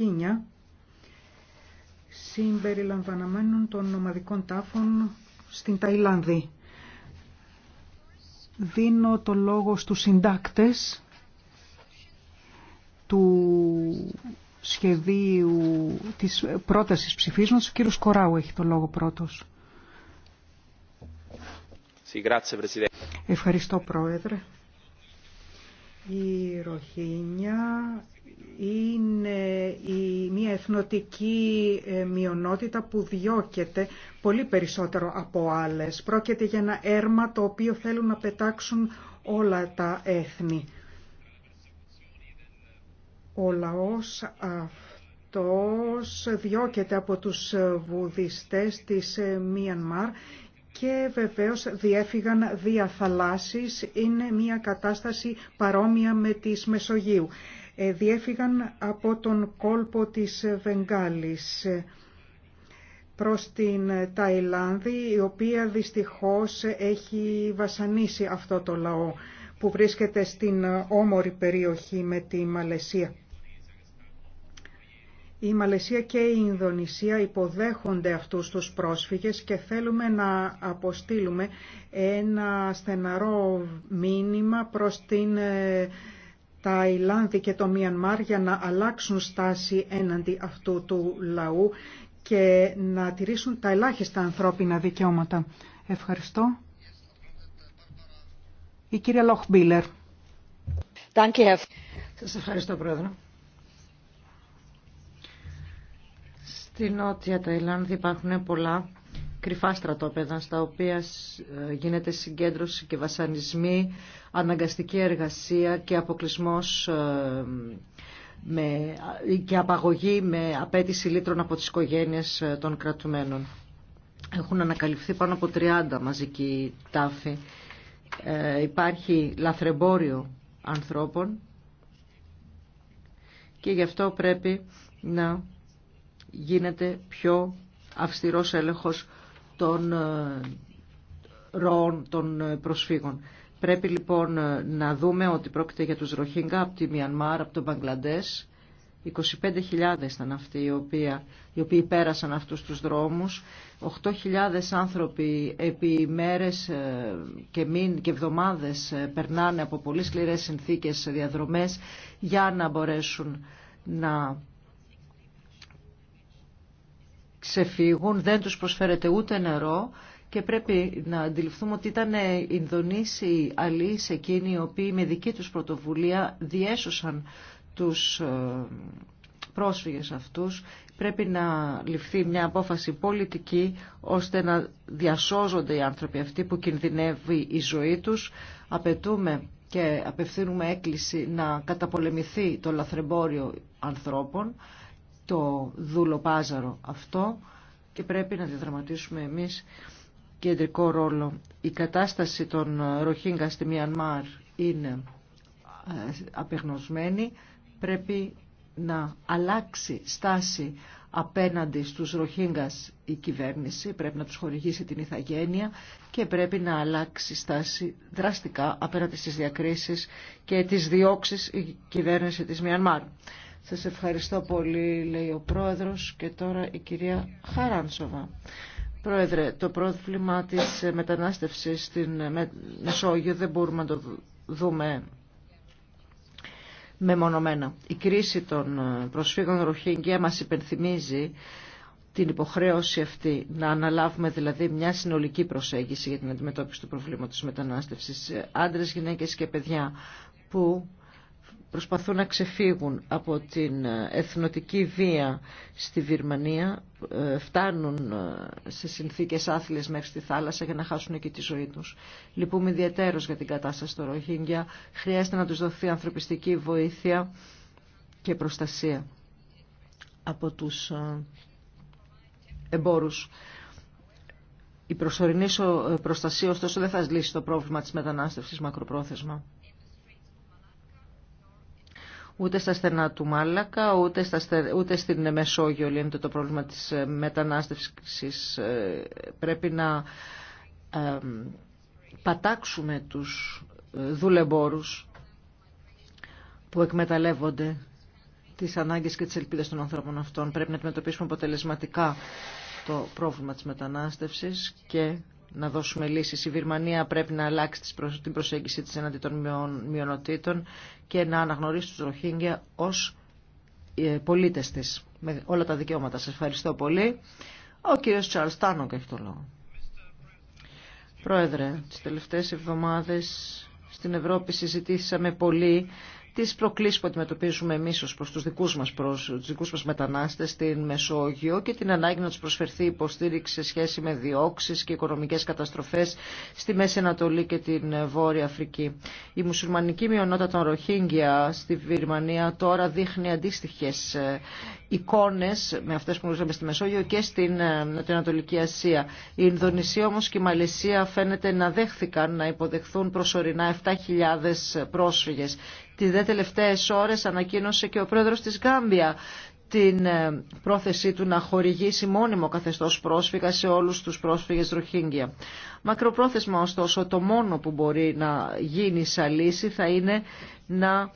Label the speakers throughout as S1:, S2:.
S1: σκήνια συμπεριλαμβανομένων των ομαδικών τάφων στην Ταϊλάνδη. Δίνω το λόγο στους συντάκτες του σχεδίου της πρότασης ψηφίσματος. Ο κύριος Κοράου έχει το λόγο πρώτος. Ευχαριστώ Πρόεδρε. Η είναι μια εθνοτική ε, μειονότητα που διώκεται πολύ περισσότερο από άλλες. Πρόκειται για ένα έρμα το οποίο θέλουν να πετάξουν όλα τα έθνη. Ο λαός αυτός διώκεται από τους βουδιστές της ε, Μιανμάρ και βεβαίως διέφυγαν δια θαλάσσης. Είναι μια κατάσταση παρόμοια με της Μεσογείου διέφυγαν από τον κόλπο της Βενγάλης προς την Ταϊλάνδη, η οποία δυστυχώς έχει βασανίσει αυτό το λαό που βρίσκεται στην όμορη περιοχή με τη Μαλαισία. Η Μαλαισία και η Ινδονησία υποδέχονται αυτούς τους πρόσφυγες και θέλουμε να αποστείλουμε ένα στεναρό μήνυμα προς την ε, τα Ιλάνδη και το Μιανμάρ για να αλλάξουν στάση έναντι αυτού του λαού και να τηρήσουν τα ελάχιστα ανθρώπινα δικαιώματα. Ευχαριστώ. Η κυρία Λοχμπίλερ. Σας ευχαριστώ, Πρόεδρε.
S2: Στη Νότια Ταϊλάνδη υπάρχουν πολλά κρυφά στρατόπεδα στα οποία ε, γίνεται συγκέντρωση και βασανισμοί, αναγκαστική εργασία και αποκλεισμός ε, με, ε, και απαγωγή με απέτηση λίτρων από τις οικογένειες των κρατουμένων. Έχουν ανακαλυφθεί πάνω από 30 μαζικοί τάφοι. Ε, υπάρχει λαθρεμπόριο ανθρώπων και γι' αυτό πρέπει να γίνεται πιο αυστηρός έλεγχος των ε, ροών των ε, προσφύγων. Πρέπει λοιπόν ε, να δούμε ότι πρόκειται για τους Ροχίνγκα από τη Μιανμάρ, από τον Μπαγκλαντές. 25.000 ήταν αυτοί οι οποίοι, οι οποίοι πέρασαν αυτούς τους δρόμους. 8.000 άνθρωποι επί μέρες και, μην, και εβδομάδες περνάνε από πολύ σκληρές συνθήκες διαδρομές για να μπορέσουν να ξεφύγουν, δεν τους προσφέρεται ούτε νερό και πρέπει να αντιληφθούμε ότι ήταν Ινδονήσιοι σε εκείνοι οι οποίοι με δική τους πρωτοβουλία διέσωσαν τους ε, πρόσφυγες αυτούς. Πρέπει να ληφθεί μια απόφαση πολιτική ώστε να διασώζονται οι άνθρωποι αυτοί που κινδυνεύει η ζωή τους. Απαιτούμε και απευθύνουμε έκκληση να καταπολεμηθεί το λαθρεμπόριο ανθρώπων το πάζαρο αυτό και πρέπει να διαδραματίσουμε εμείς κεντρικό ρόλο. Η κατάσταση των Ροχίνγκα στη Μιανμάρ είναι ε, απεγνωσμένη. Πρέπει να αλλάξει στάση απέναντι στους Ροχίνγκας η κυβέρνηση, πρέπει να τους χορηγήσει την ηθαγένεια και πρέπει να αλλάξει στάση δραστικά απέναντι στις διακρίσεις και τις διώξεις η κυβέρνηση της Μιανμάρ. Σας ευχαριστώ πολύ, λέει ο Πρόεδρος και τώρα η κυρία Χαράνσοβα. Πρόεδρε, το πρόβλημα της μετανάστευσης στην Μεσόγειο δεν μπορούμε να το δούμε μεμονωμένα. Η κρίση των προσφύγων Ροχίνγκια μας υπενθυμίζει την υποχρέωση αυτή να αναλάβουμε δηλαδή μια συνολική προσέγγιση για την αντιμετώπιση του προβλήματος μετανάστευσης άντρες, γυναίκες και παιδιά που προσπαθούν να ξεφύγουν από την ε, εθνοτική βία στη Βυρμανία, ε, φτάνουν ε, σε συνθήκες άθλιες μέχρι τη θάλασσα για να χάσουν εκεί τη ζωή τους. Λυπούμε ιδιαίτερως για την κατάσταση στο Ροχίνγκια. Χρειάζεται να τους δοθεί ανθρωπιστική βοήθεια και προστασία από τους εμπόρους. Η προσωρινή προστασία ωστόσο δεν θα λύσει το πρόβλημα της μετανάστευσης μακροπρόθεσμα ούτε στα στενά του Μάλακα, ούτε, στα, ούτε στην Μεσόγειο λύνεται το πρόβλημα της ε, μετανάστευσης. Ε, πρέπει να ε, πατάξουμε τους δουλεμπόρους που εκμεταλλεύονται τις ανάγκες και τις ελπίδες των ανθρώπων αυτών. Πρέπει να αντιμετωπίσουμε αποτελεσματικά το πρόβλημα της μετανάστευσης και να δώσουμε λύσεις. Η Βυρμανία πρέπει να αλλάξει την προσέγγιση της εναντί των μειονοτήτων και να αναγνωρίσει τους Ροχίνγκια ως ε, πολίτες της με όλα τα δικαιώματα. Σας ευχαριστώ πολύ. Ο κύριος Τσάρλς Τάνοκ έχει το λόγο. Πρόεδρε, τις τελευταίες εβδομάδες στην Ευρώπη συζητήσαμε πολύ τις προκλήσεις που αντιμετωπίζουμε εμείς ω προς τους δικούς μας, προς, μετανάστες στην Μεσόγειο και την ανάγκη να τους προσφερθεί υποστήριξη σε σχέση με διώξεις και οικονομικές καταστροφές στη Μέση Ανατολή και την Βόρεια Αφρική. Η μουσουλμανική μειονότητα των Ροχίνγκια στη Βυρμανία τώρα δείχνει αντίστοιχες ε, εικόνες με αυτές που γνωρίζαμε στη Μεσόγειο και στην ε, Νοτιοανατολική Ασία. Η Ινδονησία όμως και η Μαλαισία φαίνεται να δέχθηκαν να υποδεχθούν προσωρινά 7.000 πρόσφυγες τι δε τελευταίες ώρες ανακοίνωσε και ο πρόεδρος της Γκάμπια την ε, πρόθεσή του να χορηγήσει μόνιμο καθεστώς πρόσφυγα σε όλους τους πρόσφυγες Ροχίνγκια. Μακροπρόθεσμα ωστόσο το μόνο που μπορεί να γίνει σαν λύση θα είναι να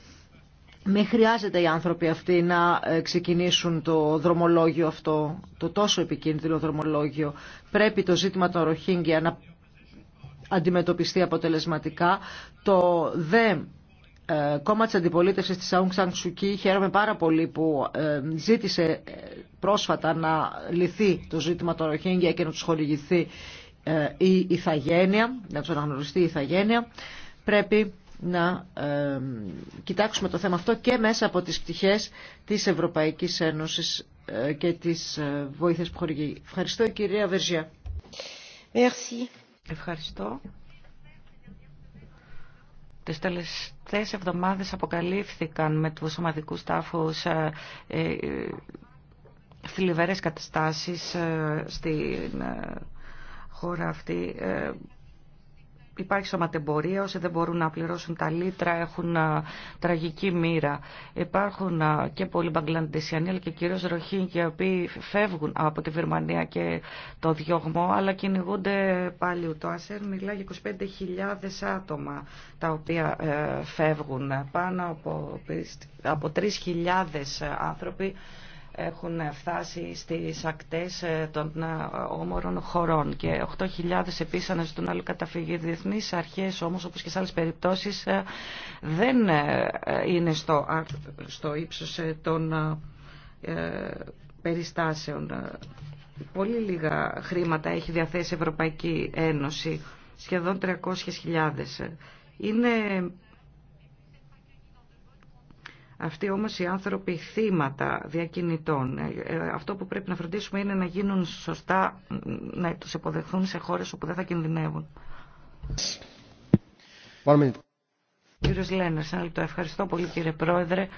S2: με χρειάζεται οι άνθρωποι αυτοί να ε, ξεκινήσουν το δρομολόγιο αυτό, το τόσο επικίνδυνο δρομολόγιο. Πρέπει το ζήτημα των Ροχίνγκια να αντιμετωπιστεί αποτελεσματικά. Το δε ε, κόμμα της αντιπολίτευσης της Aung San χαίρομαι πάρα πολύ που ε, ζήτησε ε, πρόσφατα να λυθεί το ζήτημα των Ροχίνγκια και να τους χορηγηθεί η ηθαγένεια, να τους αναγνωριστεί η ηθαγένεια. Πρέπει να κοιτάξουμε το θέμα αυτό και μέσα από τις πτυχές της Ευρωπαϊκής Ένωσης και τις βοήθειες που χορηγεί. Ευχαριστώ κυρία Βερζιά.
S3: Merci. Ευχαριστώ. Τις τελευταίες εβδομάδες αποκαλύφθηκαν με τους σωματικούς τάφους ε, ε, θλιβερές καταστάσεις ε, στην χώρα αυτή υπάρχει σωματεμπορία, όσοι δεν μπορούν να πληρώσουν τα λίτρα έχουν τραγική μοίρα. Υπάρχουν και πολλοί Μπαγκλαντεσιανοί, αλλά και κυρίως Ροχίνγκοι, οι οποίοι φεύγουν από τη Βερμανία και το διωγμό, αλλά κυνηγούνται πάλι. Το ΑΣΕΡ μιλάει για 25.000 άτομα τα οποία ε, φεύγουν. Πάνω από 3.000 άνθρωποι έχουν φτάσει στις ακτές ε, των ε, όμορων χωρών και 8.000 επίσης αναζητούν άλλο καταφυγή. Διεθνείς αρχές όμως όπως και σε άλλες περιπτώσεις ε, δεν είναι στο, στο ύψος των περιστάσεων. Πολύ λίγα χρήματα έχει διαθέσει η Ευρωπαϊκή Ένωση, σχεδόν 300.000. Είναι αυτοί όμως οι άνθρωποι θύματα διακινητών, ε, ε, αυτό που πρέπει να φροντίσουμε είναι να γίνουν σωστά, να τους υποδεχθούν σε χώρες όπου δεν θα κινδυνεύουν. Κύριος Λένερς, ένα λεπτό. Ευχαριστώ πολύ κύριε Πρόεδρε.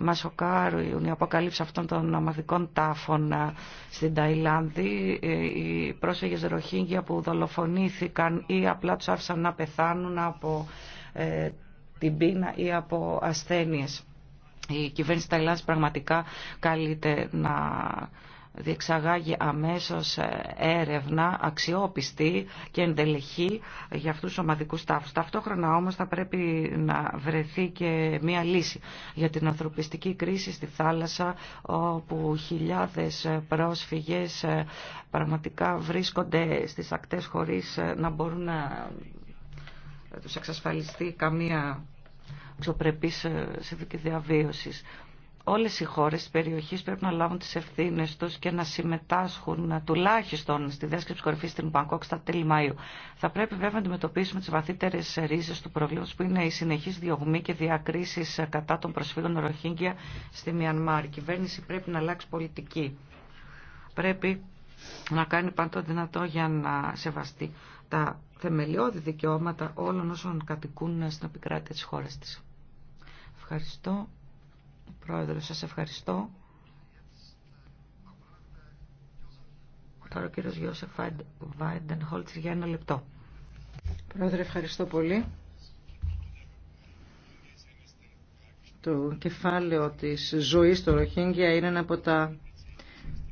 S3: Μα σοκάρουν οι αποκαλύψει αυτών των ομαδικών τάφων ε, στην Ταϊλάνδη. Οι πρόσφυγες Ροχίνγκια που δολοφονήθηκαν ή απλά τους άφησαν να πεθάνουν από την πείνα ή από ασθένειες η κυβέρνηση της πραγματικά καλείται να διεξαγάγει αμέσως ε, έρευνα αξιόπιστη και εντελεχή για αυτούς τους ομαδικούς τάφους. Ταυτόχρονα όμως θα πρέπει να βρεθεί και μία λύση για την ανθρωπιστική κρίση στη θάλασσα όπου χιλιάδες πρόσφυγες ε, πραγματικά βρίσκονται στις ακτές χωρίς ε, να μπορούν να τους εξασφαλιστεί καμία αξιοπρεπής ε, συνθήκη διαβίωσης. Όλες οι χώρες της περιοχής πρέπει να λάβουν τις ευθύνες τους και να συμμετάσχουν ε, τουλάχιστον στη δέσκεψη κορυφής στην Μπαγκόκ στα τέλη Μαΐου. Θα πρέπει βέβαια να αντιμετωπίσουμε τις βαθύτερες ρίζες του προβλήματος που είναι η συνεχής διωγμή και διακρίσεις ε, κατά των προσφύγων Ροχίνγκια στη Μιανμάρ. Η κυβέρνηση πρέπει να αλλάξει πολιτική. Πρέπει να κάνει πάντο δυνατό για να σεβαστεί τα θεμελιώδη δικαιώματα όλων όσων κατοικούν στην επικράτεια τη χώρα τη. Ευχαριστώ. Πρόεδρε, σας ευχαριστώ. Τώρα ο κύριος Γιώσεφ Βάιντεν Χόλτσερ για ένα λεπτό. Πρόεδρε, ευχαριστώ πολύ.
S2: Το κεφάλαιο της ζωής στο Ροχίνγκια είναι ένα από τα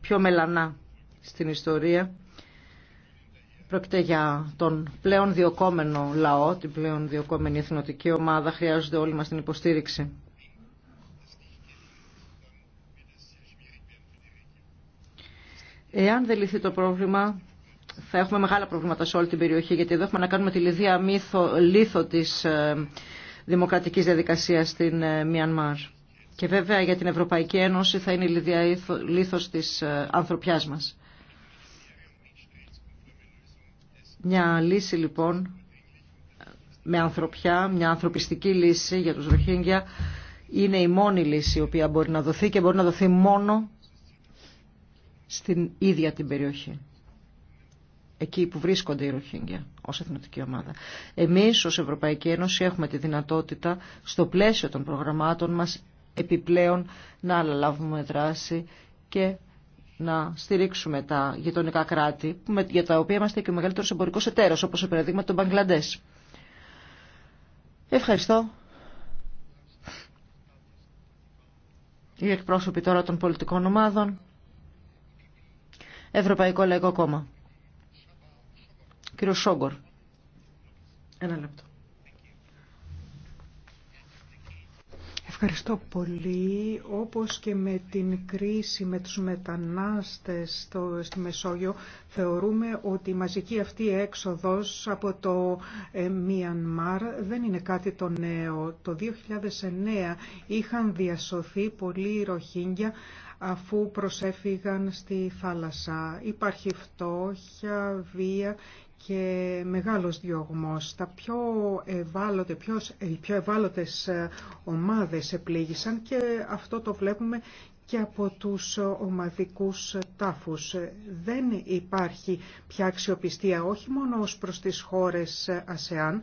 S2: πιο μελανά στην ιστορία Πρόκειται για τον πλέον διοκόμενο λαό, την πλέον διοκόμενη εθνοτική ομάδα. Χρειάζονται όλοι μας την υποστήριξη. Εάν δεν λυθεί το πρόβλημα, θα έχουμε μεγάλα προβλήματα σε όλη την περιοχή, γιατί εδώ έχουμε να κάνουμε τη λιδία μύθο, λίθο της ε, δημοκρατικής διαδικασίας στην ε, Μιανμάρ. Και βέβαια για την Ευρωπαϊκή Ένωση θα είναι η λιδία λίθος της ε, ανθρωπιάς μας. Μια λύση λοιπόν με ανθρωπιά, μια ανθρωπιστική λύση για τους Ροχίνγκια είναι η μόνη λύση η οποία μπορεί να δοθεί και μπορεί να δοθεί μόνο στην ίδια την περιοχή. Εκεί που βρίσκονται οι Ροχίνγκια ως εθνική ομάδα. Εμείς ως Ευρωπαϊκή Ένωση έχουμε τη δυνατότητα στο πλαίσιο των προγραμμάτων μας επιπλέον να αναλάβουμε δράση και να στηρίξουμε τα γειτονικά κράτη, για τα οποία είμαστε και ο μεγαλύτερο εμπορικό εταίρο, όπω ο παραδείγμα των Μπαγκλαντέ. Ευχαριστώ. Οι εκπρόσωποι τώρα των πολιτικών ομάδων. Ευρωπαϊκό Λαϊκό Κόμμα.
S1: Κύριο Σόγκορ. Ένα λεπτό. Ευχαριστώ πολύ. Όπως και με την κρίση με τους μετανάστες στο, στη Μεσόγειο, θεωρούμε ότι η μαζική αυτή έξοδος από το ε, Μιανμάρ δεν είναι κάτι το νέο. Το 2009 είχαν διασωθεί πολλοί ροχίνγκια αφού προσέφυγαν στη θάλασσα. Υπάρχει φτώχεια, βία και μεγάλος διωγμός. Τα πιο, ευάλωτε, πιο, οι πιο ευάλωτες ε, ομάδες επλήγησαν και αυτό το βλέπουμε και από τους ομαδικούς τάφους. Δεν υπάρχει πια αξιοπιστία όχι μόνο ως προς τις χώρες ΑΣΕΑΝ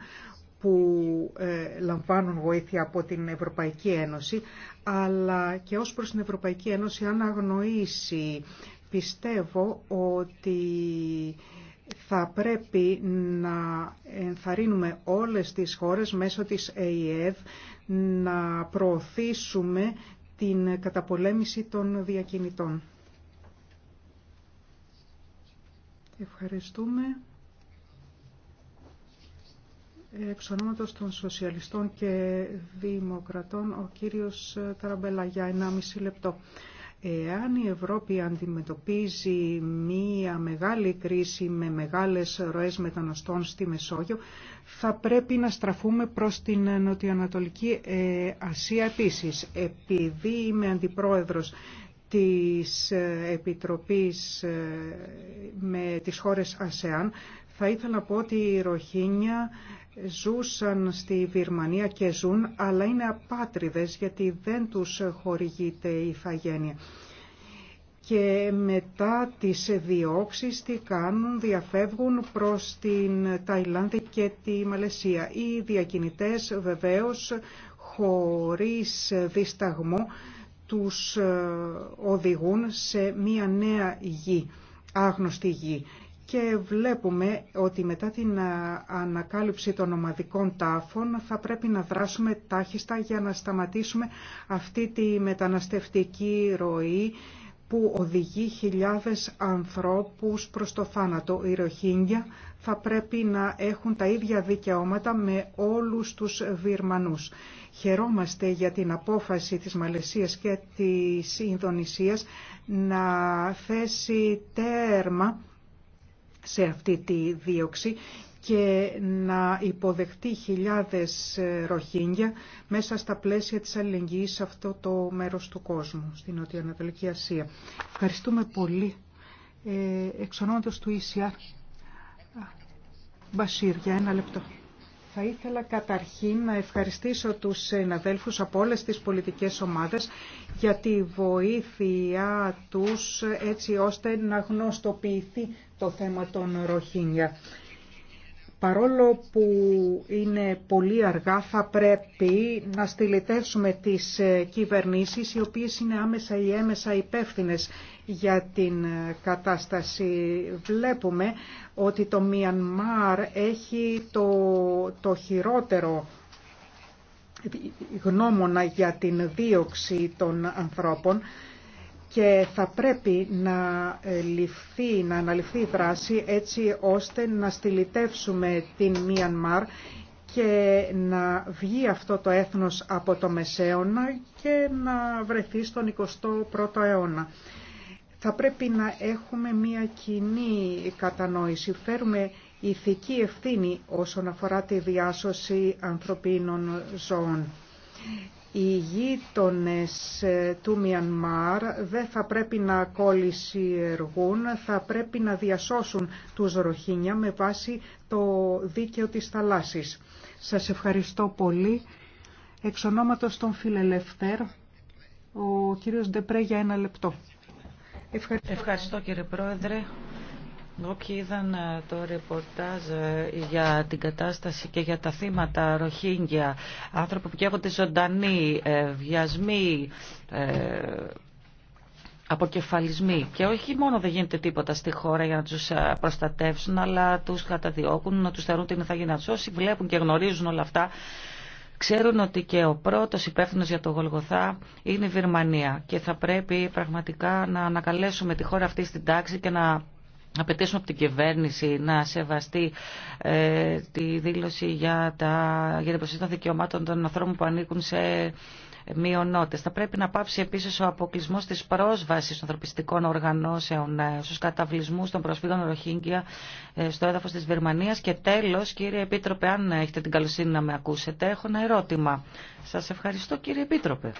S1: που ε, λαμβάνουν βοήθεια από την Ευρωπαϊκή Ένωση, αλλά και ως προς την Ευρωπαϊκή Ένωση αν αγνοήσει. Πιστεύω ότι θα πρέπει να ενθαρρύνουμε όλες τις χώρες μέσω της ΕΙΕΔ να προωθήσουμε την καταπολέμηση των διακινητών. Ευχαριστούμε. Εξ των Σοσιαλιστών και Δημοκρατών, ο κύριος Ταραμπελαγιά, 1,5 λεπτό. Εάν η Ευρώπη αντιμετωπίζει μία μεγάλη κρίση με μεγάλες ροές μεταναστών στη Μεσόγειο, θα πρέπει να στραφούμε προς την Νοτιοανατολική ε, Ασία επίσης. Επειδή είμαι αντιπρόεδρος της ε, Επιτροπής ε, με τις χώρες ΑΣΕΑΝ, θα ήθελα να πω ότι οι Ροχίνια ζούσαν στη Βυρμανία και ζουν, αλλά είναι απάτριδες γιατί δεν τους χορηγείται η ηθαγένεια. Και μετά τις διώξεις τι κάνουν, διαφεύγουν προς την Ταϊλάνδη και τη Μαλαισία. Οι διακινητές βεβαίως χωρίς δισταγμό τους ε, οδηγούν σε μία νέα γη, άγνωστη γη. Και βλέπουμε ότι μετά την ε, ανακάλυψη των ομαδικών τάφων θα πρέπει να δράσουμε τάχιστα για να σταματήσουμε αυτή τη μεταναστευτική ροή που οδηγεί χιλιάδες ανθρώπους προς το θάνατο. Οι Ροχίνγκια θα πρέπει να έχουν τα ίδια δικαιώματα με όλους τους Βιρμανούς. Χαιρόμαστε για την απόφαση της Μαλαισίας και της Ινδονησίας να θέσει τέρμα σε αυτή τη δίωξη και να υποδεχτεί χιλιάδες Ροχίνγκια μέσα στα πλαίσια της αλληλεγγύης σε αυτό το μέρος του κόσμου, στην Νοτιοανατολική Ασία. Ευχαριστούμε πολύ. Ε, του ECR, Μπασίρ, για ένα λεπτό. Θα ήθελα καταρχήν να ευχαριστήσω τους συναδέλφους από όλες τις πολιτικές ομάδες για τη βοήθεια τους έτσι ώστε να γνωστοποιηθεί το θέμα των Ροχίνια. Παρόλο που είναι πολύ αργά θα πρέπει να στυλιτεύσουμε τις κυβερνήσεις οι οποίες είναι άμεσα ή έμεσα υπεύθυνες για την ε, κατάσταση. Βλέπουμε ότι το Μιανμάρ έχει το, το χειρότερο γνώμονα για την δίωξη των ανθρώπων και θα πρέπει να, ε, ληφθεί, να αναλυφθεί η δράση έτσι ώστε να στυλιτεύσουμε την Μιανμάρ και να βγει αυτό το έθνος από το Μεσαίωνα και να βρεθεί στον 21ο αιώνα θα πρέπει να έχουμε μια κοινή κατανόηση. Φέρουμε ηθική ευθύνη όσον αφορά τη διάσωση ανθρωπίνων ζώων. Οι γείτονε ε, του Μιανμάρ δεν θα πρέπει να εργούν, θα πρέπει να διασώσουν τους Ροχίνια με βάση το δίκαιο της θαλάσσης. Σας ευχαριστώ πολύ. Εξ ονόματος των Φιλελευθέρ, ο κύριος Ντεπρέ για ένα λεπτό.
S3: Ευχαριστώ. κύριε Πρόεδρε. Όποιοι είδαν ε, το ρεπορτάζ ε, για την κατάσταση και για τα θύματα Ροχίνγκια, άνθρωποι που καίγονται ζωντανοί, ε, βιασμοί, αποκεφαλισμοί. Και όχι μόνο δεν γίνεται τίποτα στη χώρα για να τους προστατεύσουν, αλλά τους καταδιώκουν, να τους θερούν την θα τους. Όσοι βλέπουν και γνωρίζουν όλα αυτά, ξέρουν ότι και ο πρώτος υπεύθυνο για το Γολγοθά είναι η Βυρμανία και θα πρέπει πραγματικά να ανακαλέσουμε τη χώρα αυτή στην τάξη και να απαιτήσουμε από την κυβέρνηση να σεβαστεί ε, τη δήλωση για, τα, για την προσοχή των δικαιωμάτων των ανθρώπων που ανήκουν σε θα πρέπει να πάψει επίση ο αποκλεισμό τη πρόσβαση των ανθρωπιστικών οργανώσεων ε, στου καταβλισμούς των προσφύγων Ροχίνγκια ε, στο Έδαφο τη Βερμανίας. Και τέλο, κύριε Επίτροπε, αν έχετε την καλοσύνη να με ακούσετε, έχω ένα ερώτημα. Σα ευχαριστώ κύριε Επίτροπε.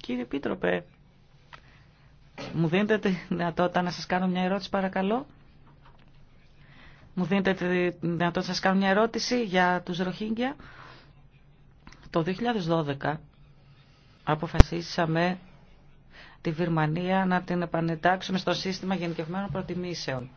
S3: Κύριε Επίτροπε, μου δίνετε τη δυνατότητα να σα κάνω μια ερώτηση παρακαλώ. Μου δίνετε τη δυνατότητα να σα κάνω μια ερώτηση για του Ροχίνγκια. Το 2012 αποφασίσαμε τη Βυρμανία να την επανετάξουμε στο σύστημα γενικευμένων προτιμήσεων.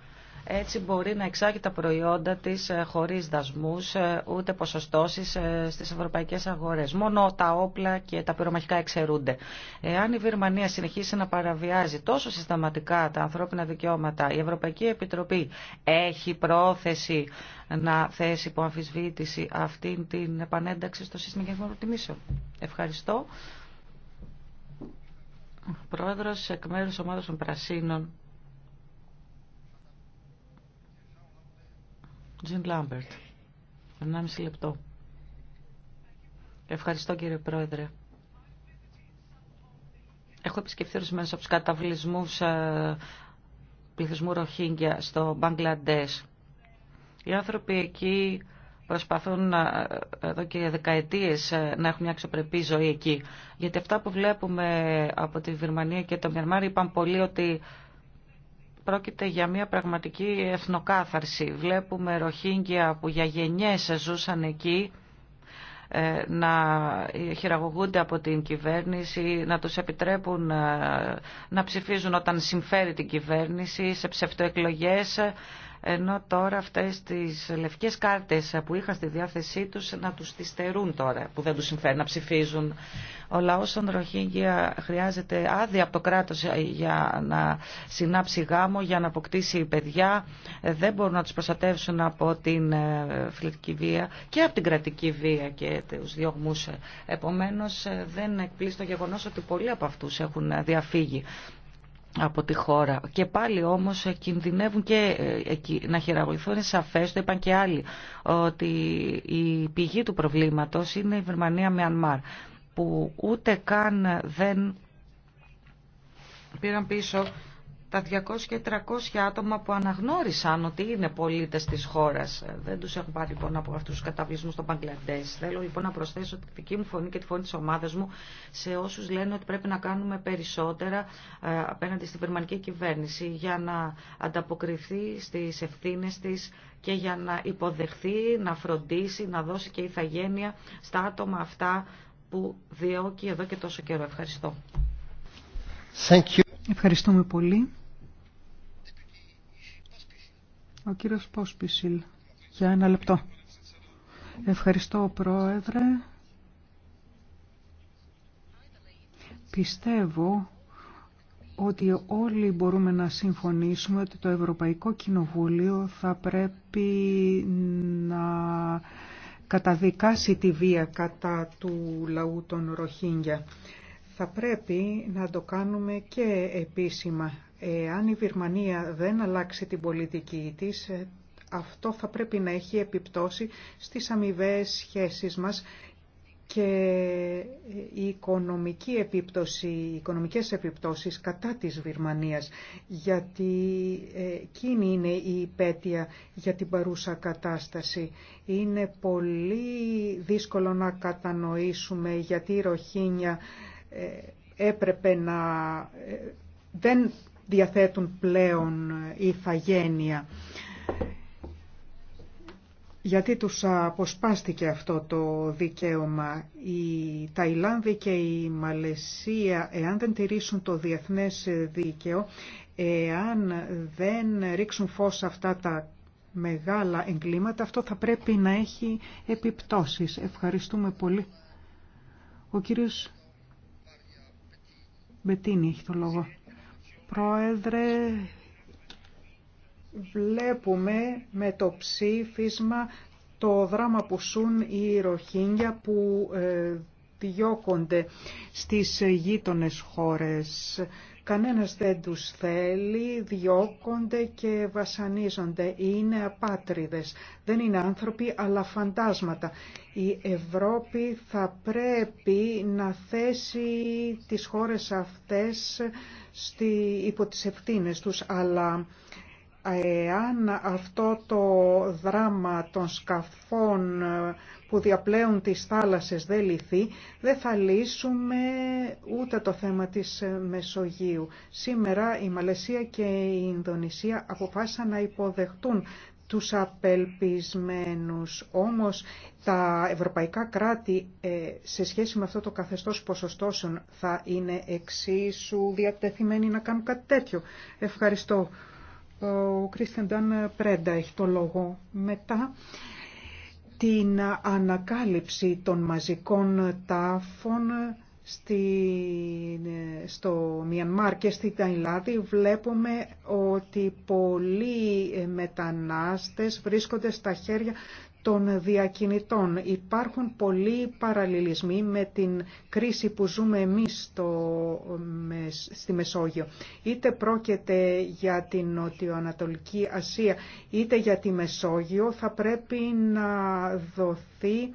S3: Έτσι μπορεί να εξάγει τα προϊόντα της ε, χωρίς δασμούς, ε, ούτε ποσοστώσεις ε, στις ευρωπαϊκές αγορές. Μόνο τα όπλα και τα πυρομαχικά εξαιρούνται. Εάν η Βυρμανία συνεχίσει να παραβιάζει τόσο συστηματικά τα ανθρώπινα δικαιώματα, η Ευρωπαϊκή Επιτροπή έχει πρόθεση να θέσει υπό αμφισβήτηση αυτήν την επανένταξη στο σύστημα γενικών Τιμήσεων. Ευχαριστώ. εκ Πρασίνων Τζιν Λάμπερτ. λεπτό. Ευχαριστώ κύριε Πρόεδρε. Έχω επισκεφθεί ορισμένου από του καταβλισμού ε, πληθυσμού Ροχίνγκια στο Μπαγκλαντέ. Οι άνθρωποι εκεί προσπαθούν ε, εδώ και δεκαετίες ε, να έχουν μια αξιοπρεπή ζωή εκεί. Γιατί αυτά που βλέπουμε από τη Βερμανία και το Μιανμάρ είπαν πολύ ότι πρόκειται για μια πραγματική εθνοκάθαρση. Βλέπουμε ροχίνγκια που για γενιές ζούσαν εκεί ε, να χειραγωγούνται από την κυβέρνηση, να τους επιτρέπουν ε, να ψηφίζουν όταν συμφέρει την κυβέρνηση σε ψευτοεκλογές, ενώ τώρα αυτές τις λευκές κάρτες που είχα στη διάθεσή τους να τους τις στερούν τώρα, που δεν τους συμφέρει να ψηφίζουν. Ο λαός των Ροχίνγκια χρειάζεται άδεια από το κράτος για να συνάψει γάμο, για να αποκτήσει παιδιά. Δεν μπορούν να τους προστατεύσουν από την ε, φιλετική βία και από την κρατική βία και τους διωγμούς. Επομένως ε, δεν εκπλήσει το γεγονός ότι πολλοί από αυτούς έχουν διαφύγει από τη χώρα. Και πάλι όμως ε, κινδυνεύουν και ε, να χειραγωγηθούν. Είναι σαφές, το είπαν και άλλοι, ότι η πηγή του προβλήματος είναι η Βερμανία Ανμάρ που ούτε καν δεν πήραν πίσω τα 200 και 300 άτομα που αναγνώρισαν ότι είναι πολίτες της χώρας. Ε, δεν τους έχω πάρει λοιπόν από αυτούς τους καταβλισμούς στο Μπαγκλαντές. Θέλω λοιπόν να προσθέσω τη δική μου φωνή και τη φωνή της ομάδας μου σε όσους λένε ότι πρέπει να κάνουμε περισσότερα ε, απέναντι στην Περμανική κυβέρνηση για να ανταποκριθεί στις ευθύνε της και για να υποδεχθεί, να φροντίσει, να δώσει και ηθαγένεια στα άτομα αυτά που διώκει εδώ και τόσο καιρό. Ευχαριστώ.
S1: Thank you. Ευχαριστούμε πολύ. Ο κύριος Πόσπισιλ, για ένα λεπτό. Ευχαριστώ, Πρόεδρε. Πιστεύω ότι όλοι μπορούμε να συμφωνήσουμε ότι το Ευρωπαϊκό Κοινοβούλιο θα πρέπει να καταδικάσει τη βία κατά του λαού των Ροχίνγκια. Θα πρέπει να το κάνουμε και επίσημα. Αν η Βυρμανία δεν αλλάξει την πολιτική της, ε, αυτό θα πρέπει να έχει επιπτώσει στις αμοιβαίε σχέσεις μας και ε, η οικονομική επίπτωση, οι οικονομικές επιπτώσεις κατά της Βυρμανίας, γιατί ε, εκείνη είναι η υπέτεια για την παρούσα κατάσταση. Είναι πολύ δύσκολο να κατανοήσουμε γιατί η Ροχίνια έπρεπε να... δεν διαθέτουν πλέον ηθαγένεια. Γιατί τους αποσπάστηκε αυτό το δικαίωμα. Η Ταϊλάνδη και η Μαλαισία, εάν δεν τηρήσουν το διεθνές δίκαιο, εάν δεν ρίξουν φως αυτά τα μεγάλα εγκλήματα, αυτό θα πρέπει να έχει επιπτώσεις. Ευχαριστούμε πολύ. Ο κύριος Μπετίνη έχει το λόγο. Πρόεδρε, βλέπουμε με το ψήφισμα το δράμα που σούν οι Ροχίνγκια που ε, διώκονται στις γείτονες χώρες. Κανένας δεν τους θέλει, διώκονται και βασανίζονται. Είναι απάτριδες. Δεν είναι άνθρωποι, αλλά φαντάσματα. Η Ευρώπη θα πρέπει να θέσει τις χώρες αυτές στη, υπό τις ευθύνες τους, αλλά εάν αυτό το δράμα των σκαφών που διαπλέουν τις θάλασσες δεν λυθεί, δεν θα λύσουμε ούτε το θέμα της ε, Μεσογείου. Σήμερα η Μαλαισία και η Ινδονησία αποφάσισαν να υποδεχτούν τους απελπισμένους. Όμως τα ευρωπαϊκά κράτη ε, σε σχέση με αυτό το καθεστώς ποσοστώσεων θα είναι εξίσου διατεθειμένοι να κάνουν κάτι τέτοιο. Ευχαριστώ. Ο Ντάν Πρέντα έχει το λόγο μετά την ανακάλυψη των μαζικών τάφων στο Μιανμάρ και στη Ταϊλάδη βλέπουμε ότι πολλοί μετανάστες βρίσκονται στα χέρια των διακινητών. Υπάρχουν πολλοί παραλληλισμοί με την κρίση που ζούμε εμείς στο, στη Μεσόγειο. Είτε πρόκειται για την Νοτιοανατολική Ασία, είτε για τη Μεσόγειο, θα πρέπει να δοθεί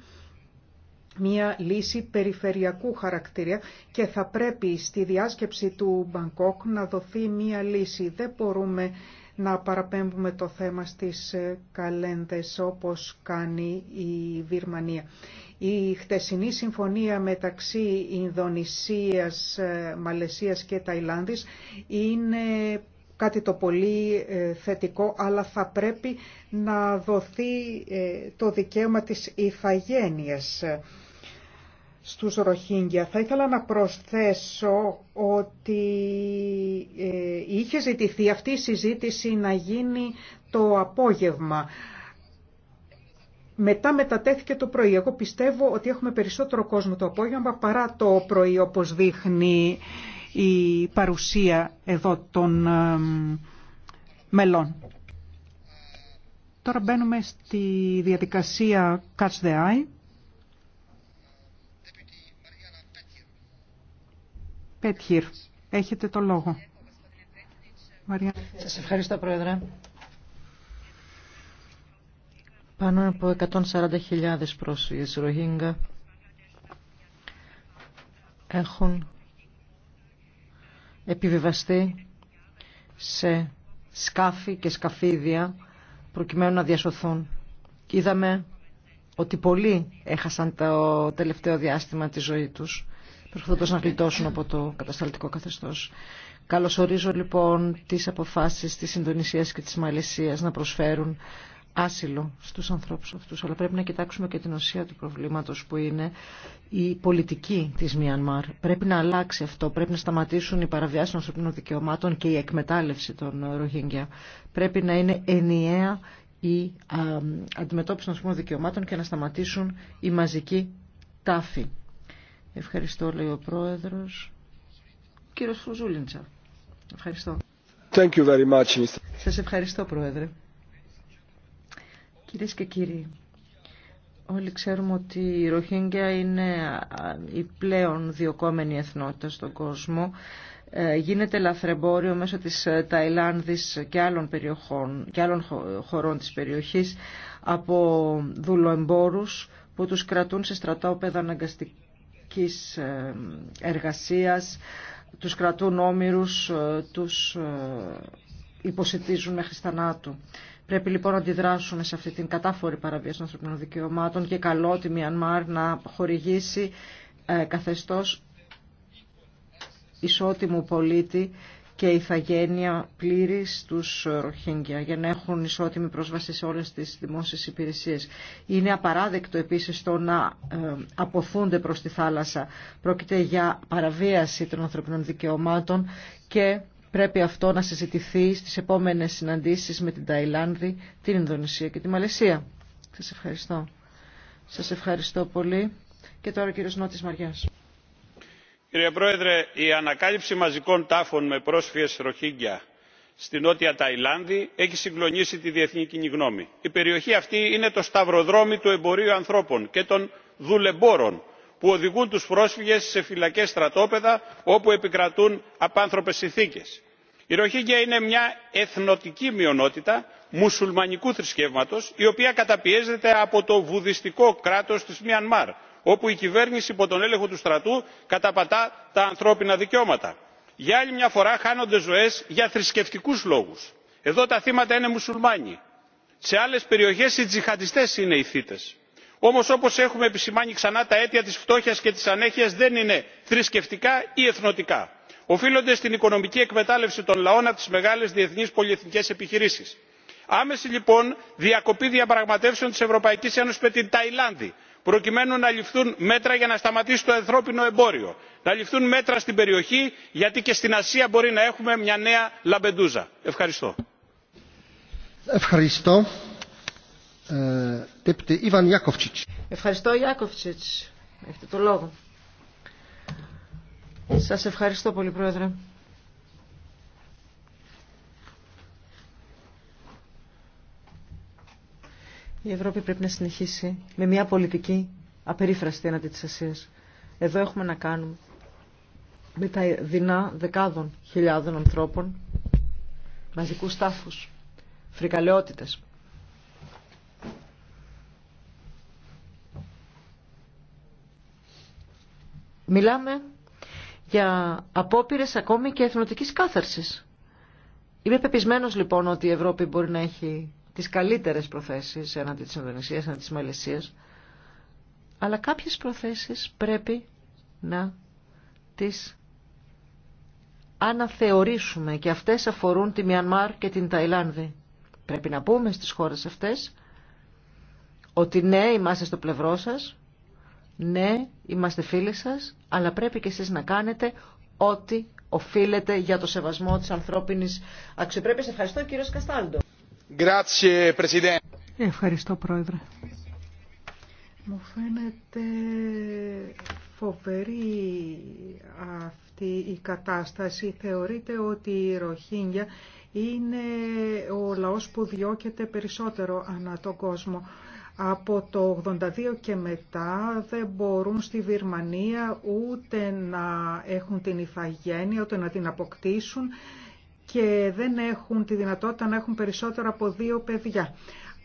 S1: μια λύση περιφερειακού χαρακτήρα και θα πρέπει στη διάσκεψη του Μπαγκόκ να δοθεί μια λύση. Δεν μπορούμε να παραπέμπουμε το θέμα στις ε, καλένδες όπως κάνει η Βυρμανία. Η χτεσινή συμφωνία μεταξύ Ινδονησίας, ε, Μαλαισίας και Ταϊλάνδης είναι κάτι το πολύ ε, θετικό, αλλά θα πρέπει να δοθεί το δικαίωμα της ηθαγένειας στους Ροχίνγκια. Θα ήθελα να προσθέσω ότι ε, είχε ζητηθεί αυτή η συζήτηση να γίνει το απόγευμα. Μετά μετατέθηκε το πρωί. Εγώ πιστεύω ότι έχουμε περισσότερο κόσμο το απόγευμα παρά το πρωί όπως δείχνει η παρουσία εδώ των μελών. Τώρα μπαίνουμε στη διαδικασία Catch the Eye. Πέτχυρ, έχετε το λόγο. Σας ευχαριστώ, Πρόεδρε.
S2: Πάνω από 140.000 πρόσφυγες Ροχίνγκα έχουν επιβιβαστεί σε σκάφη και σκαφίδια προκειμένου να διασωθούν. Είδαμε ότι πολλοί έχασαν το τελευταίο διάστημα τη ζωή τους προσπαθώντα να γλιτώσουν από το κατασταλτικό Καθεστώ. Καλωσορίζω λοιπόν τι αποφάσει τη Ινδονησία και τη Μαλαισίας να προσφέρουν άσυλο στους ανθρώπους αυτούς. Αλλά πρέπει να κοιτάξουμε και την ουσία του προβλήματος που είναι η πολιτική της Μιανμάρ. Πρέπει να αλλάξει αυτό. Πρέπει να σταματήσουν οι παραβιάσεις των ανθρωπίνων δικαιωμάτων και η εκμετάλλευση των Ροχίνγκια. Πρέπει να είναι ενιαία η αντιμετώπιση των ανθρωπίνων δικαιωμάτων και να σταματήσουν οι μαζικοί τάφοι. Ευχαριστώ, λέει ο Πρόεδρος. Κύριος Φουζούλιντσα. Ευχαριστώ.
S4: Thank you very much, Mr.
S2: Σας ευχαριστώ, Πρόεδρε. Κυρίες και κύριοι, όλοι ξέρουμε ότι η Ροχίνγκια είναι η πλέον διοκόμενη εθνότητα στον κόσμο. Ε, γίνεται λαθρεμπόριο μέσω της Ταϊλάνδης και άλλων, περιοχών, και άλλων χωρών της περιοχής από δουλοεμπόρους που τους κρατούν σε στρατόπεδα αναγκαστικά εργασία, εργασίας, τους κρατούν όμοιρους, ε, τους ε, υποσυτίζουν μέχρι θανάτου. Πρέπει λοιπόν να αντιδράσουμε σε αυτή την κατάφορη παραβίαση των ανθρωπινών δικαιωμάτων και καλό τη Μιανμάρ να χορηγήσει ε, καθεστώς ισότιμου πολίτη και η ηθαγένεια πλήρη στους Ροχίνγκια για να έχουν ισότιμη πρόσβαση σε όλες τις δημόσιες υπηρεσίες. Είναι απαράδεκτο επίσης το να ε, αποθούνται προς τη θάλασσα. Πρόκειται για παραβίαση των ανθρωπινών δικαιωμάτων και πρέπει αυτό να συζητηθεί στις επόμενες συναντήσεις με την Ταϊλάνδη, την Ινδονησία και τη Μαλαισία. Σας ευχαριστώ. Σας ευχαριστώ πολύ. Και τώρα ο κύριος
S1: Νότη Μαριάς
S4: κύριε πρόεδρε η ανακάλυψη μαζικών τάφων με πρόσφυγες ροχίνγκια στη νότια ταϊλάνδη έχει συγκλονίσει τη διεθνή κοινή γνώμη. η περιοχή αυτή είναι το σταυροδρόμι του εμπορίου ανθρώπων και των δουλεμπόρων που οδηγούν τους πρόσφυγες σε φυλακές στρατόπεδα όπου επικρατούν απάνθρωπες συνθήκες. Η ροχίνγκια είναι μια εθνοτική μειονότητα μουσουλμανικού θρησκεύματος η οποία καταπιέζεται από το βουδιστικό κράτος της μιανμάρ όπου η κυβέρνηση υπό τον έλεγχο του στρατού καταπατά τα ανθρώπινα δικαιώματα. για άλλη μια φορά χάνονται ζωές για θρησκευτικούς λόγους. εδώ τα θύματα είναι μουσουλμάνοι. σε άλλες περιοχές οι τζιχαντιστές είναι οι θύτες. όμως όπως έχουμε επισημάνει ξανά τα αίτια της φτώχειας και της ανέχειας δεν είναι θρησκευτικά ή εθνοτικά. οφείλονται στην οικονομική εκμετάλλευση των λαών από τις μεγάλες διεθνείς πολυεθνικές επιχειρήσεις. άμεση λοιπόν διακοπή διαπραγματεύσεων της ευρωπαϊκής ένωσης με την ταϊλάνδη προκειμένου να ληφθούν μέτρα για να σταματήσει το ανθρώπινο εμπόριο να ληφθούν μέτρα στην περιοχή γιατί και στην ασία μπορεί να έχουμε μια νέα λαμπεντούζα. ευχαριστώ.
S2: ευχαριστώ. Ε,
S4: ευχαριστώ Ιάκοφτσιτς. Έχετε το λόγο.
S2: Σας ευχαριστώ πολύ Πρόεδρε. Η Ευρώπη πρέπει να συνεχίσει με μια πολιτική απερίφραστη έναντι της Ασίας. Εδώ έχουμε να κάνουμε με τα δεινά δεκάδων χιλιάδων ανθρώπων, μαζικού τάφους, φρικαλαιότητες. Μιλάμε για απόπειρες ακόμη και εθνοτικής κάθαρσης. Είμαι πεπισμένος λοιπόν ότι η Ευρώπη μπορεί να έχει τις καλύτερες προθέσεις έναντι της Ινδονησίας, έναντι της Μαλαισίας, αλλά κάποιες προθέσεις πρέπει να τις αναθεωρήσουμε και αυτές αφορούν τη Μιανμάρ και την Ταϊλάνδη. Πρέπει να πούμε στις χώρες αυτές ότι ναι, είμαστε στο πλευρό σας, ναι, είμαστε φίλοι σας, αλλά πρέπει και εσείς να κάνετε ό,τι οφείλετε για το σεβασμό της ανθρώπινης αξιοπρέπειας. Ευχαριστώ κύριο Καστάλντο.
S1: Ευχαριστώ πρόεδρε. Μου φαίνεται φοβερή αυτή η κατάσταση. Θεωρείται ότι η Ροχίνια είναι ο λαός που διώκεται περισσότερο ανά τον κόσμο. Από το 82 και μετά δεν μπορούν στη Βυρμανία ούτε να έχουν την ηθαγένεια, ούτε να την αποκτήσουν και δεν έχουν τη δυνατότητα να έχουν περισσότερο από δύο παιδιά.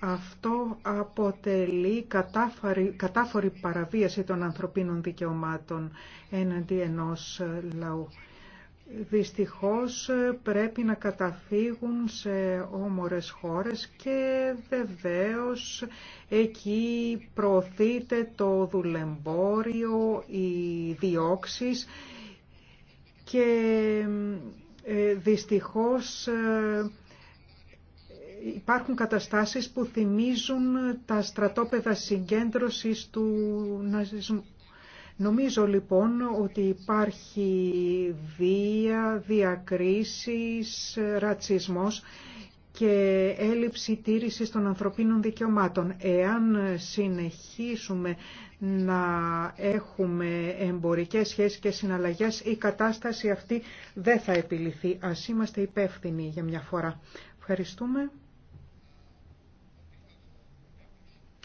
S1: Αυτό αποτελεί κατάφορη, κατάφορη παραβίαση των ανθρωπίνων δικαιωμάτων έναντι ενός λαού. Δυστυχώς πρέπει να καταφύγουν σε όμορες χώρες και βεβαίως εκεί προωθείται το δουλεμπόριο, οι διώξεις και ε, δυστυχώς ε, υπάρχουν καταστάσεις που θυμίζουν τα στρατόπεδα συγκέντρωσης του ναζισμού. Νομίζω λοιπόν ότι υπάρχει βία, διακρίσεις, ρατσισμός και έλλειψη τήρησης των ανθρωπίνων δικαιωμάτων. Εάν συνεχίσουμε να έχουμε εμπορικές σχέσεις και συναλλαγές, η κατάσταση αυτή δεν θα επιληθεί. Ας είμαστε υπεύθυνοι για μια φορά. Ευχαριστούμε.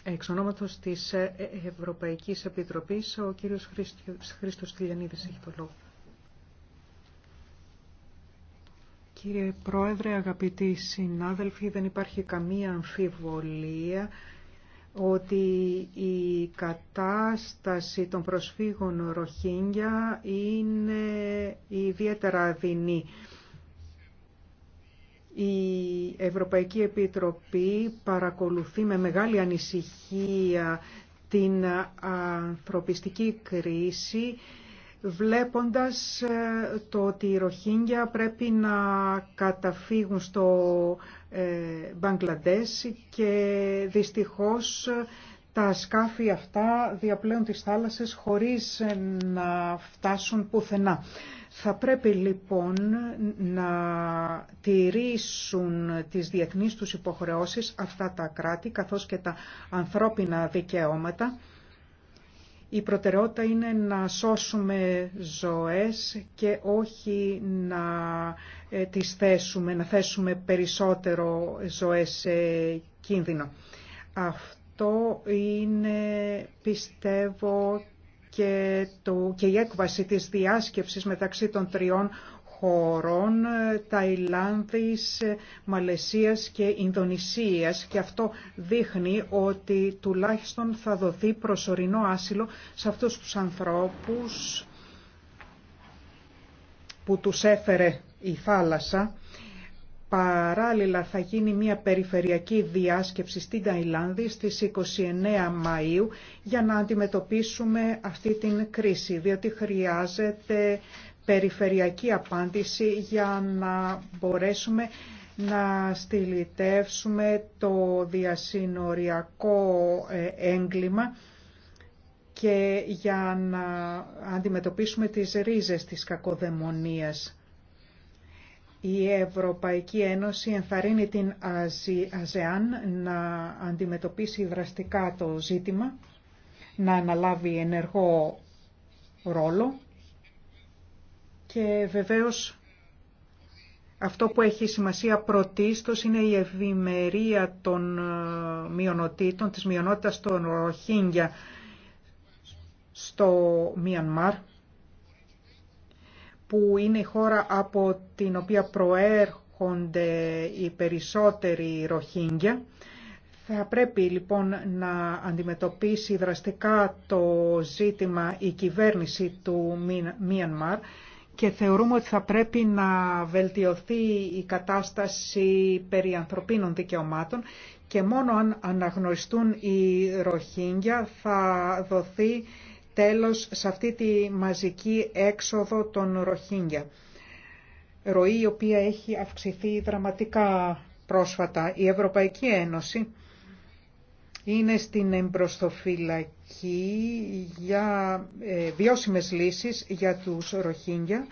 S1: Εξ ονόματος της Ευρωπαϊκής Επιτροπής, ο κύριος Χρήστος Τηλιανίδης έχει το λόγο. Κύριε Πρόεδρε, αγαπητοί συνάδελφοι, δεν υπάρχει καμία αμφιβολία ότι η κατάσταση των προσφύγων Ροχίνγκια είναι ιδιαίτερα αδεινή. Η Ευρωπαϊκή Επιτροπή παρακολουθεί με μεγάλη ανησυχία την ανθρωπιστική κρίση βλέποντας ε, το ότι οι Ροχίνγκια πρέπει να καταφύγουν στο ε, Μπαγκλαντές και δυστυχώς ε, τα σκάφη αυτά διαπλέουν τις θάλασσες χωρίς να φτάσουν πουθενά. Θα πρέπει λοιπόν να τηρήσουν τις διεθνείς τους υποχρεώσεις αυτά τα κράτη καθώς και τα ανθρώπινα δικαιώματα η προτεραιότητα είναι να σώσουμε ζωές και όχι να ε, τις θέσουμε, να θέσουμε περισσότερο ζωές σε κίνδυνο. Αυτό είναι, πιστεύω, και, το, και η έκβαση της διάσκεψης μεταξύ των τριών χωρών ε, Ταϊλάνδης, ε, Μαλαισίας και Ινδονησίας και αυτό δείχνει ότι τουλάχιστον θα δοθεί προσωρινό άσυλο σε αυτούς τους ανθρώπους που τους έφερε η θάλασσα. Παράλληλα θα γίνει μια περιφερειακή διάσκεψη στην Ταϊλάνδη στις 29 Μαΐου για να αντιμετωπίσουμε αυτή την κρίση, διότι χρειάζεται περιφερειακή απάντηση για να μπορέσουμε να στυλιτεύσουμε το διασυνοριακό ε, έγκλημα και για να αντιμετωπίσουμε τις ρίζες της κακοδαιμονίας. Η Ευρωπαϊκή Ένωση ενθαρρύνει την ΑΖΕΑΝ να αντιμετωπίσει δραστικά το ζήτημα, να αναλάβει ενεργό ρόλο και βεβαίως αυτό που έχει σημασία πρωτίστως είναι η ευημερία των ε, μειονοτήτων, της μειονότητας των Ροχίνγκια στο Μιανμάρ, που είναι η χώρα από την οποία προέρχονται οι περισσότεροι Ροχίνγκια. Θα πρέπει λοιπόν να αντιμετωπίσει δραστικά το ζήτημα η κυβέρνηση του Μιανμάρ και θεωρούμε ότι θα πρέπει να βελτιωθεί η κατάσταση περί ανθρωπίνων δικαιωμάτων και μόνο αν αναγνωριστούν οι Ροχίνγκια θα δοθεί τέλος σε αυτή τη μαζική έξοδο των Ροχίνγκια. Ροή η οποία έχει αυξηθεί δραματικά πρόσφατα. Η Ευρωπαϊκή Ένωση είναι στην εμπροστοφυλακή για ε, βιώσιμες λύσεις για τους Ροχίνγκια.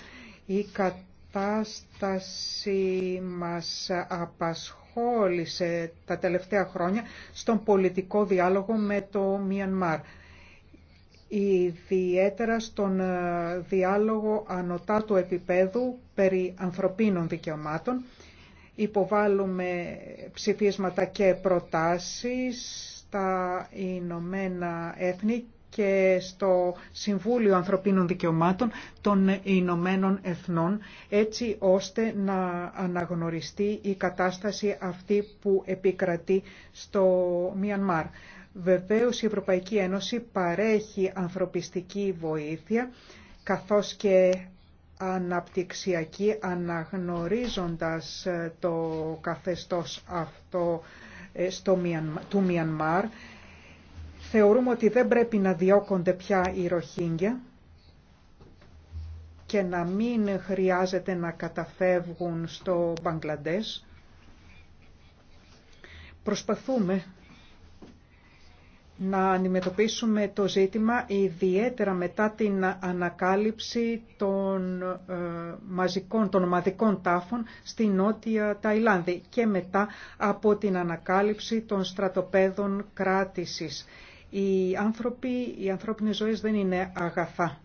S1: Η κατάσταση μας απασχόλησε τα τελευταία χρόνια στον πολιτικό διάλογο με το Μιανμάρ ιδιαίτερα στον ε, διάλογο του επίπεδου περί ανθρωπίνων δικαιωμάτων. Υποβάλλουμε ψηφίσματα και προτάσεις στα Ηνωμένα Έθνη και στο Συμβούλιο Ανθρωπίνων Δικαιωμάτων των Ηνωμένων Εθνών, έτσι ώστε να αναγνωριστεί η κατάσταση αυτή που επικρατεί στο Μιανμάρ. Βεβαίως η Ευρωπαϊκή Ένωση παρέχει ανθρωπιστική βοήθεια, καθώς και αναπτυξιακή αναγνωρίζοντας το καθεστώς αυτό ε, στο Μιαν, του Μιανμάρ. Θεωρούμε ότι δεν πρέπει να διώκονται πια οι Ροχίνγκια και να μην χρειάζεται να καταφεύγουν στο Μπαγκλαντές. Προσπαθούμε να αντιμετωπίσουμε το ζήτημα ιδιαίτερα μετά την ανακάλυψη των, ε, μαζικών, των ομαδικών τάφων στη Νότια Ταϊλάνδη και μετά από την ανακάλυψη των στρατοπέδων κράτησης. Οι, άνθρωποι, οι ανθρώπινες ζωές δεν είναι αγαθά.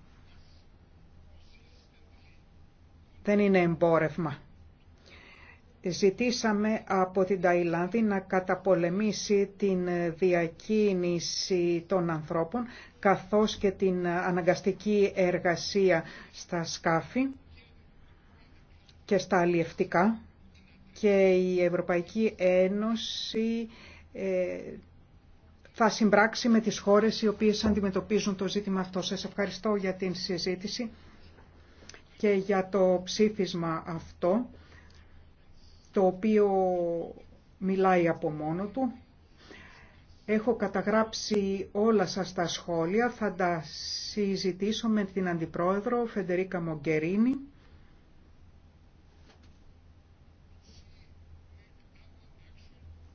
S1: Δεν είναι εμπόρευμα. Ζητήσαμε από την Ταϊλάνδη να καταπολεμήσει την διακίνηση των ανθρώπων καθώς και την αναγκαστική εργασία στα σκάφη και στα αλλιευτικά και η Ευρωπαϊκή Ένωση ε, θα συμπράξει με τις χώρες οι οποίες αντιμετωπίζουν το ζήτημα αυτό. Σας ευχαριστώ για την συζήτηση και για το ψήφισμα αυτό το οποίο μιλάει από μόνο του. Έχω καταγράψει όλα σας τα σχόλια, θα τα συζητήσω με την Αντιπρόεδρο Φεντερίκα Μογκερίνη.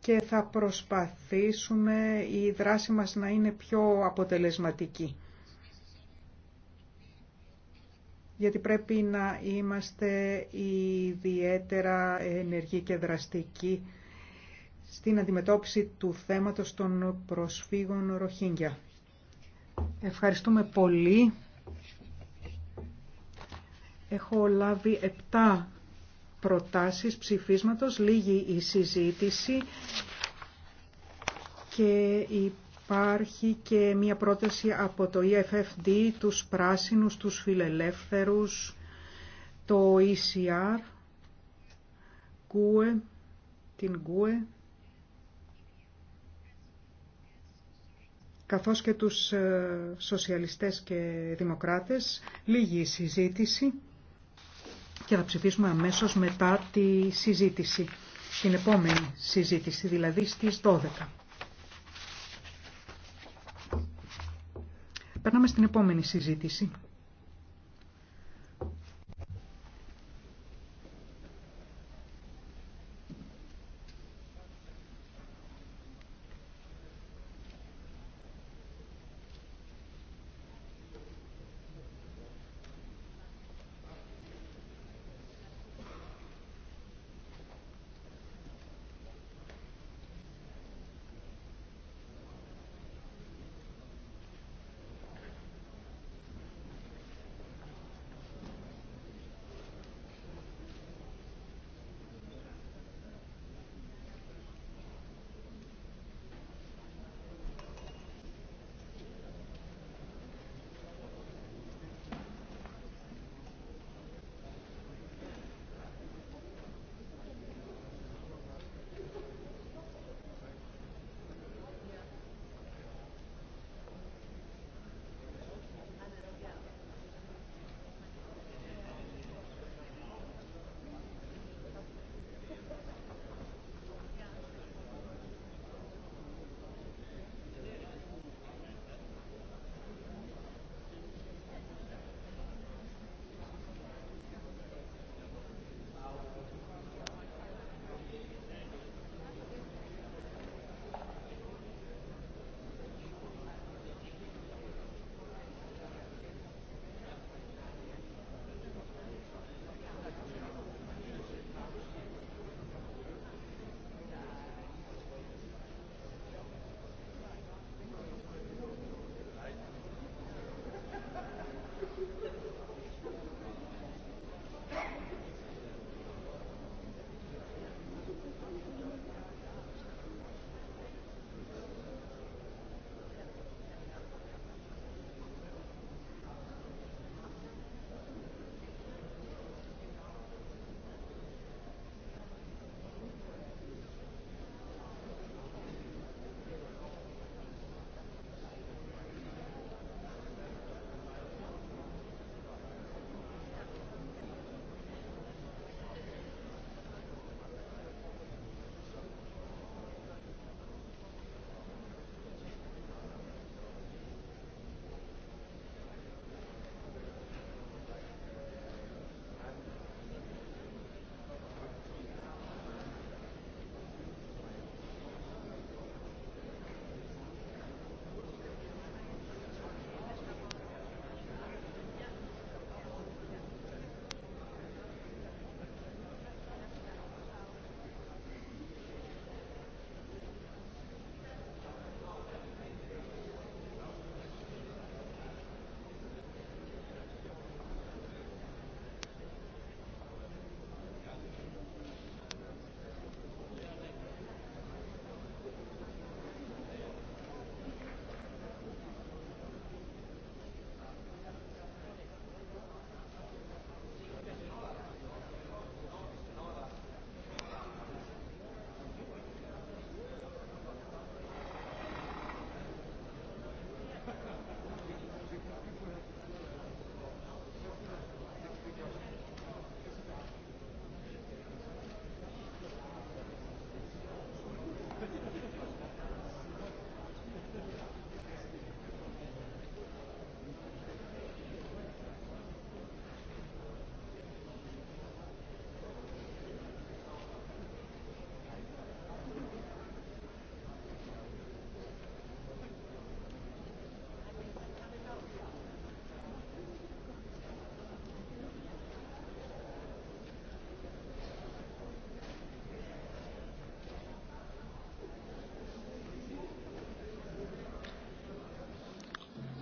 S1: και θα προσπαθήσουμε η δράση μας να είναι πιο αποτελεσματική. γιατί πρέπει να είμαστε ιδιαίτερα ενεργοί και δραστικοί στην αντιμετώπιση του θέματος των προσφύγων Ροχίνγκια. Ευχαριστούμε πολύ. Έχω λάβει 7 προτάσεις ψηφίσματος, λίγη η συζήτηση και η υπάρχει και μια πρόταση από το EFFD, τους πράσινους, τους φιλελεύθερους, το ECR, e, την ΚΟΕ, e, καθώς και τους ε, σοσιαλιστές και δημοκράτες. Λίγη συζήτηση και θα ψηφίσουμε αμέσως μετά τη συζήτηση, την επόμενη συζήτηση, δηλαδή στις 12. Περνάμε στην επόμενη συζήτηση.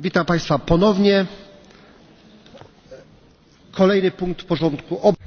S2: witam państwa ponownie kolejny punkt porządku obrad.